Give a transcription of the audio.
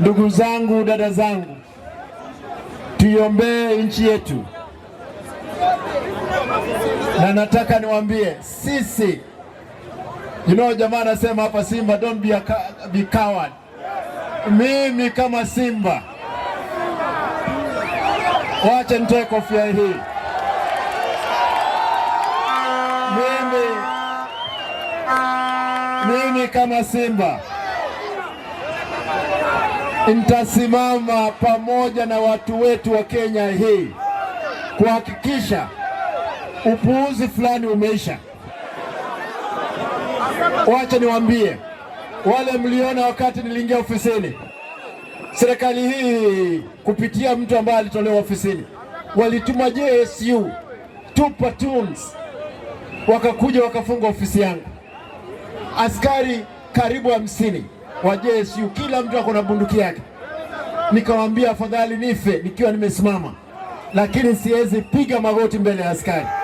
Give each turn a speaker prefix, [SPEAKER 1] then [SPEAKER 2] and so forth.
[SPEAKER 1] Ndugu zangu, dada zangu, tuiombee nchi yetu, na nataka niwaambie sisi, you know, jamaa anasema hapa Simba, don't be a be coward. Mimi kama Simba, wacha nitoe kofia hii. Mimi mimi kama Simba nitasimama pamoja na watu wetu wa Kenya hii kuhakikisha upuuzi fulani umeisha. Wacha niwaambie wale mliona wakati niliingia ofisini, serikali hii kupitia mtu ambaye alitolewa ofisini, walituma JSU two platoons wakakuja wakafunga ofisi yangu, askari karibu hamsini wa JSU, kila mtu ako na bunduki yake. Nikamwambia afadhali nife nikiwa nimesimama, lakini siwezi piga magoti mbele ya askari.